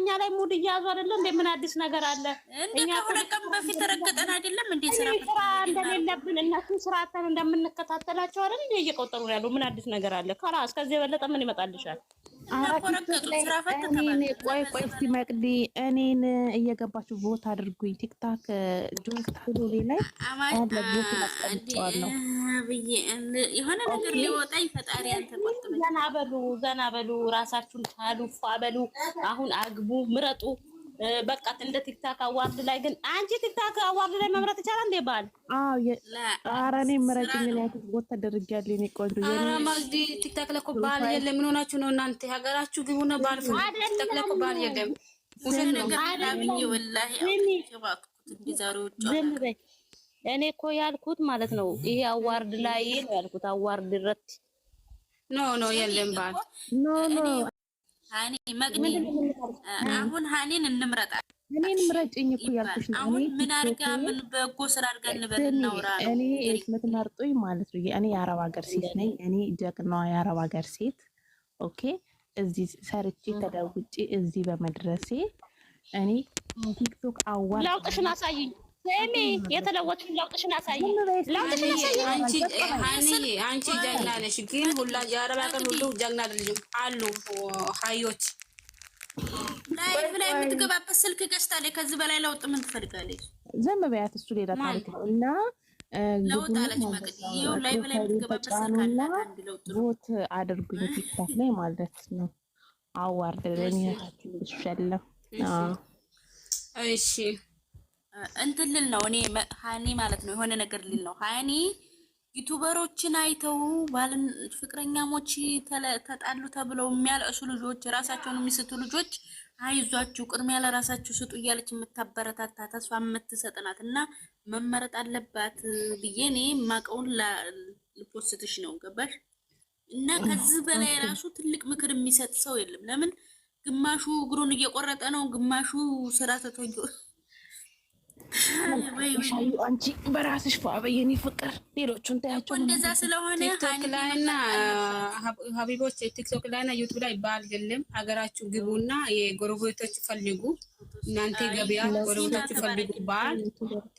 እኛ ላይ ሙድ እያዙ አይደለም እንዴ? ምን አዲስ ነገር አለ? እኛ ሁለት ቀን በፊት ረገጠን አይደለም እንዴ? ስራ እንደሌለብን እነሱ ስርዓትን እንደምንከታተላቸው አይደል እንዴ? እየቆጠሩ ነው ያለው። ምን አዲስ ነገር አለ? ከራስ እስከዚህ የበለጠ ምን ይመጣልሻል? ቆይ ቆይ፣ እስቲ መቅዲ እኔን እየገባችሁ ቦት አድርጉኝ። ቲክታክ ጆንክ ቱሉሌ ላይ ቦት ማስቀምጫዋለሁ ብዬ የሆነ ነገር ሊወጣ ይፈጣሪ አንተ ቆይ ዘና በሉ፣ ዘና በሉ፣ ራሳችሁን ታሉ፣ ፏበሉ። አሁን አግቡ፣ ምረጡ። በቃ እንደ ቲክታክ አዋርድ ላይ ግን አንቺ ቲክታክ አዋርድ ላይ መምረጥ ይቻላል እንዴ? ባል አዎ፣ ኧረ እኔ ምረጭኝ ነው ያልኩት። ቦታ ተደርጊያለሁ እኔ ቆንጆ። ኧረ ማግዲ ቲክታክ ላይ ባል የለም። ምን ሆናችሁ ነው እናንተ? ሀገራችሁ ግቡና ባል ቲክታክ ላይ ባል የለም። ሁሉ ነገር አላብኝ ወላሂ። ዝም በይ። እኔ እኮ ያልኩት ማለት ነው ይሄ አዋርድ ላይ ነው ያልኩት አዋርድ ረት ኖ ኖ የለም ባል ኖ ኖ ሃኒ መግኒ አሁን ሃኒን እንምረጣ። እኔን ምረጭኝ እኮ ያልኩሽ ነው። አሁን ምን አድርጋ ምን በጎ ስራ አድርጋ እንበል እናውራ እኔ የምትመርጡኝ ማለት ነው። እኔ የአረብ ሀገር ሴት ነኝ። እኔ ጀግናዋ የአረብ ሀገር ሴት ኦኬ። እዚህ ሰርቼ ተደውጬ እዚህ በመድረሴ እኔ ቲክቶክ አዋል ላውቅሽን አሳይኝ ስሚ የተለወጥሽን ለውጥሽን አሳይ፣ ለውጥሽን አሳይ። አንቺ አንቺ ጀግና ነሽ፣ ግን ሁላ የአረብ ሀገር ሁሉ ጀግና አይደለም አሉ ሀዮች ላይፍ ላይ የምትገባበት ስልክ ገዝታለች። ከዚህ በላይ ለውጥ ምን ትፈልጋለች? ዝም በያት፣ እሱ ሌላ ታሪክ ነው እና ቦት አድርጉኝ ፊታት ላይ ማለት ነው። ልሸለም እሺ እንትን ልል ነው እኔ ሀኒ ማለት ነው የሆነ ነገር ልል ነው ሀኒ ዩቱበሮችን አይተው ባልን ፍቅረኛሞች ተጣሉ ተብለው የሚያለቅሱ ልጆች ራሳቸውን የሚስቱ ልጆች አይዟችሁ ቅድሚያ ለራሳችሁ ስጡ እያለች የምታበረታታ ተስፋ የምትሰጥ ናት እና መመረጥ አለባት ብዬ እኔ ማቀውን ልፖስትሽ ነው ገባሽ እና ከዚህ በላይ ራሱ ትልቅ ምክር የሚሰጥ ሰው የለም ለምን ግማሹ እግሩን እየቆረጠ ነው ግማሹ ስራ ተቶ አንቺ በራስሽ በአበይ ፍቅር ሌሎቹን ታያቸው። እንደዛ ስለሆነ ቲክቶክላይና ሀቢቦች ቲክቶክ ላይና ዩቱብ ላይ ባል የለም። ሀገራችሁ ግቡና የጎረቤቶች ፈልጉ። እናንተ ገበያ ጎረቤቶች ፈልጉ ባል።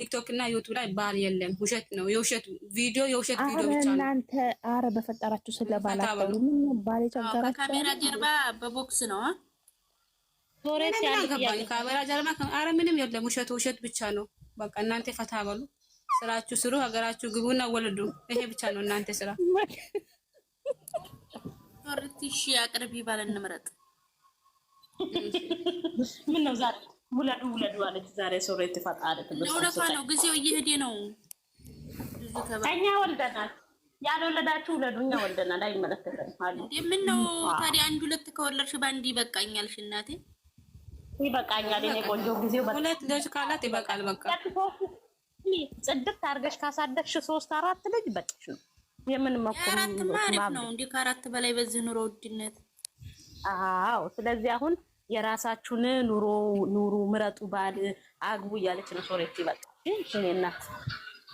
ቲክቶክና ዩቱብ ላይ ባል የለም። ውሸት ነው። የውሸት ቪዲዮ የውሸት ቪዲዮ ብቻ ነው። እናንተ አረ በፈጠራችሁ ስለባላቸው ባል የቸገራቸው ጀርባ በቦክስ ነው ኧረ ምንም የለም። ውሸት ውሸት ብቻ ነው። በቃ እናንተ ፈታ በሉ፣ ስራችሁ ስሩ፣ ሀገራችሁ ግቡና ወልዱ። ይሄ ብቻ ነው እናንተ ስራ። ሶርቲ ሺ አቅርቢ ባል እንምረጥ። ምን ነው ዛሬ ውለዱ ውለዱ አለች። ዛሬ ነው ጊዜው እየሄደ ነው። እኛ ወልደናል። ያልወለዳችሁ ውለዱ። እኛ ወልደናል። አይመለከተንም ታዲያ አንድ ሁለት ከወለድሽ በአንድ ይበቃኛልሽ እናቴ ይበቃኛል። እኔ ቆንጆ ጊዜው ሁለት ልጅ ካላት ይበቃል። በቃ ጽድት አድርገሽ ካሳደግሽ ሶስት አራት ልጅ በቃሽ ነው። የምን ማለት ነው እንዴ? ከአራት በላይ በዚህ ኑሮ ውድነት። አዎ፣ ስለዚህ አሁን የራሳችሁን ኑሮ ኑሩ፣ ምረጡ፣ ባል አግቡ እያለች ነው ሶሬት። ይበቃ እናት፣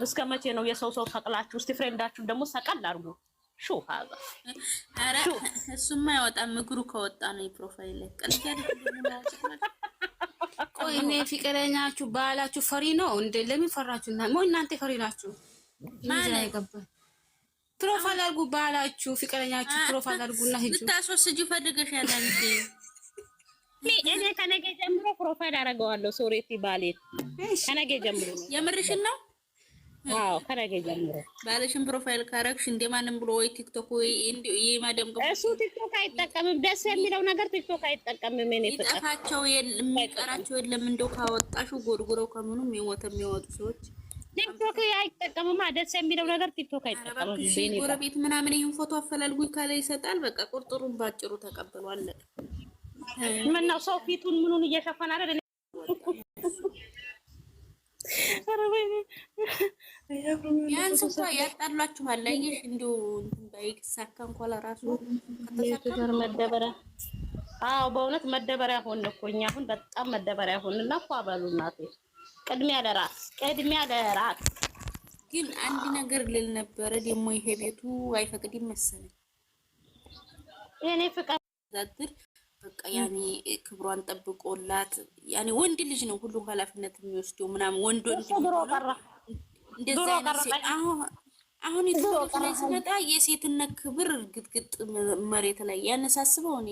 እስከ መቼ ነው የሰው ሰው ሰቅላችሁ? እስቲ ፍሬንዳችሁን ደግሞ ሰቀል አድርጉ። ሹ ሀዛ አረ እሱማ አይወጣም። እግሩ ከወጣ ነው የፕሮፋይል ቆይ እኔ ፍቅረኛችሁ ባላችሁ ፈሪ ነው እንዴ? ለምን ፈራችሁ? ሞ እናንተ ፈሪ ናችሁ ፕሮፋይል አድርጉ፣ ባላችሁ ፍቅረኛችሁ ፕሮፋይል አድርጉና ልታስወስጂ ፈልገሽ ያለን እኔ ከነገ ጀምሮ ፕሮፋይል አደርገዋለሁ። ሶሬቲ ባሌ ከነገ ጀምሮ የምርሽን ነው አዎ ከነገ ጀምሮ ባለሽን ፕሮፋይል ካረግሽ እንደማንም ብሎ ወይ ቲክቶክ ወይ የማደም እሱ ቲክቶክ አይጠቀምም። ደስ የሚለው ነገር ቲክቶክ አይጠቀምም። ኔ ይጠፋቸው የሚቀራቸው የለም። እንደው ካወጣሹ ጎድጉረው ከምኑ የሚወተ የሚወጡ ሰዎች ቲክቶክ አይጠቀምም። ደስ የሚለው ነገር ቲክቶክ አይጠቀምም። ጎረቤት ምናምን ይህን ፎቶ አፈላልጉኝ ካለ ይሰጣል። በቃ ቁርጥሩን ባጭሩ ተቀብሎ አለ። ምነው ሰው ፊቱን ምኑን እየሸፈን አይደል ቢያንስ እንኳ ያጣሏችኋል። አየሽ እንዲሁ ባይሳካ እንኳ ለራሱ ቱተር መደበሪያ አዎ፣ በእውነት መደበሪያ ሆን እኮ እኛ አሁን በጣም መደበሪያ ሆን እና እኮ አበሉ እናቴ፣ ቅድሚያ ለራስ ቅድሚያ ለራስ። ግን አንድ ነገር ልል ነበረ ደግሞ ይሄ ቤቱ አይፈቅድም መሰለኝ የእኔ ፍቃድ ዛትር በቃ ያኔ ክብሯን ጠብቆላት ያኔ ወንድ ልጅ ነው ሁሉ ኃላፊነት የሚወስደው ምናምን ወንድ ወንድ ዶሮ አሁን የተወቀ ላይ ሲመጣ የሴትነት ክብር ግጥግጥ መሬት ላይ ያነሳስበው እኔ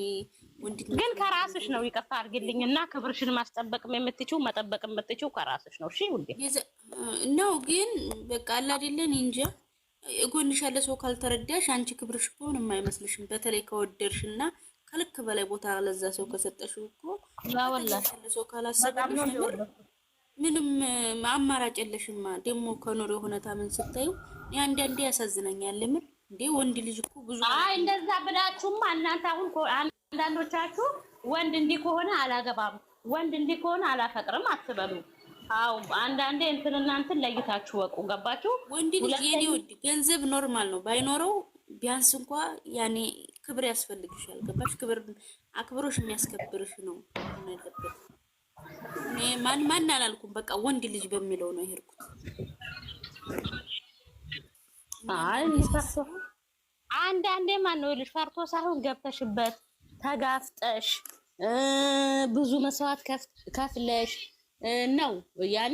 ግን ከራስሽ ነው። ይቅርታ አድርግልኝ እና ክብርሽን ማስጠበቅ የምትችው መጠበቅ የምትችው ከራስሽ ነው። እሺ ውዴ ነው። ግን በቃ አላደለን እንጃ እጎንሽ ያለ ሰው ካልተረዳሽ አንቺ ክብርሽ ከሆን የማይመስልሽም። በተለይ ከወደድሽ እና ከልክ በላይ ቦታ ለዛ ሰው ከሰጠሽ እኮ ሰው ካላሰበ ምንም አማራጭ የለሽማ። ደግሞ ከኑሮ ሁኔታ ምን ስታዩ አንዳንዴ ያሳዝነኛል። ለምን እንዴ ወንድ ልጅ እኮ ብዙ አይ እንደዛ ብላችሁማ እናንተ አሁን አንዳንዶቻችሁ ወንድ እንዲህ ከሆነ አላገባም፣ ወንድ እንዲህ ከሆነ አላፈቅርም አትበሉ። አው አንዳንዴ እንትን እናንትን ለይታችሁ ወቁ። ገባችሁ? ወንድ ልጅ የኔ ወድ ገንዘብ ኖርማል ነው ባይኖረው ቢያንስ እንኳ ያኔ ክብር ያስፈልግሻል። ገባሽ? ክብር አክብሮሽ የሚያስከብርሽ ነው ያለበት ማን ማን አላልኩም። በቃ ወንድ ልጅ በሚለው ነው የሄድኩት። አይ አንዳንዴ ማን ነው ልጅ ፈርቶ ሳይሆን ገብተሽበት ተጋፍጠሽ ብዙ መስዋዕት ከፍለሽ ነው ያኔ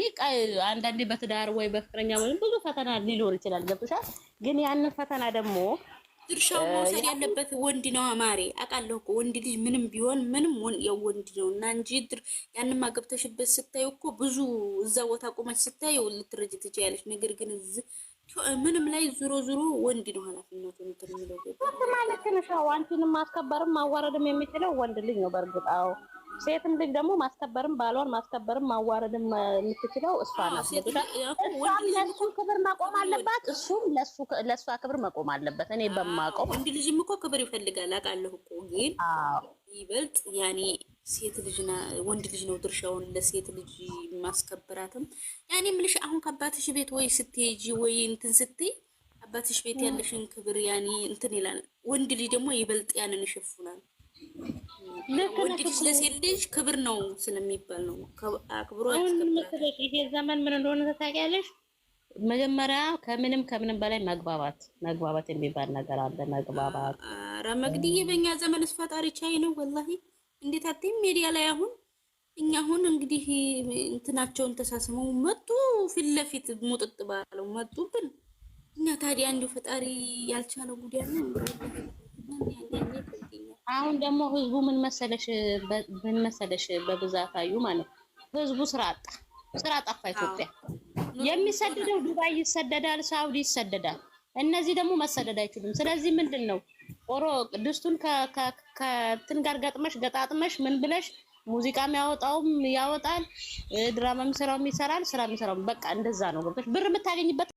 አንዳንዴ በትዳር ወይ በፍቅረኛ ወይም ብዙ ፈተና ሊኖር ይችላል። ገብቶሻል። ግን ያንን ፈተና ደግሞ ድርሻው መውሰድ ያለበት ወንድ ነው። አማሬ አውቃለሁ እኮ ወንድ ልጅ ምንም ቢሆን ምንም ያው ወንድ ነው እና እንጂ ያንማ ገብተሽበት ስታይ እኮ ብዙ እዛ ቦታ ቁመች ስታይ ልትረጅ ትችያለሽ። ነገር ግን እዚህ ምንም ላይ ዙሮ ዙሮ ወንድ ነው ኃላፊነቱ ምትለው ማለት ነው። አንቺንም ማስከበርም ማዋረድም የሚችለው ወንድ ልጅ ነው በእርግጥ አዎ ሴትም ልጅ ደግሞ ማስከበርም ባሏን ማስከበርም ማዋረድም የምትችለው እሷ ናት። ለሱ ክብር መቆም አለባት፣ እሱም ለእሷ ክብር መቆም አለበት። እኔ በማቆም ወንድ ልጅም እኮ ክብር ይፈልጋል አውቃለሁ እኮ ግን ይበልጥ ያኔ ሴት ልጅ ወንድ ልጅ ነው ድርሻውን ለሴት ልጅ ማስከበራትም ያኔ ምልሽ አሁን ከአባትሽ ቤት ወይ ስትሄጂ ወይ እንትን ስትይ አባትሽ ቤት ያለሽን ክብር ያኔ እንትን ይላል። ወንድ ልጅ ደግሞ ይበልጥ ያንን ይሸፍናል። ወንድልጅ ለሴት ልጅ ክብር ነው ስለሚባል ነው አክብሮ መስለሽ። ይሄ ዘመን ምን እንደሆነ ታውቂያለሽ? መጀመሪያ ከምንም ከምንም በላይ መግባባት መግባባት የሚባል ነገር አለ። መግባባት ኧረ መግድዬ፣ በእኛ ዘመን ፈጣሪ ቻይ ነው ወላሂ። እንዴት አትይም? ሜዲያ ላይ አሁን እኛ አሁን እንግዲህ እንትናቸውን ተሳስመው መጡ፣ ፊት ለፊት ሙጥጥ ባለው መጡብን። እኛ ታዲያ እንዲሁ ፈጣሪ ያልቻለው ጉዳይ ነው። አሁን ደግሞ ህዝቡ ምን መሰለሽ ምን መሰለሽ በብዛት አዩ ማለት ህዝቡ ስራ አጣ፣ ስራ ጠፋ። ኢትዮጵያ የሚሰደደው ዱባይ ይሰደዳል፣ ሳውዲ ይሰደዳል። እነዚህ ደግሞ መሰደድ አይችሉም። ስለዚህ ምንድን ነው ኦሮ ድስቱን ከእንትን ጋር ገጥመሽ ገጣጥመሽ ምን ብለሽ ሙዚቃም ያወጣውም ያወጣል፣ ድራማ የሚሰራውም ይሰራል፣ ስራ የሚሰራውም በቃ እንደዛ ነው። ገብቶሽ ብር የምታገኝበት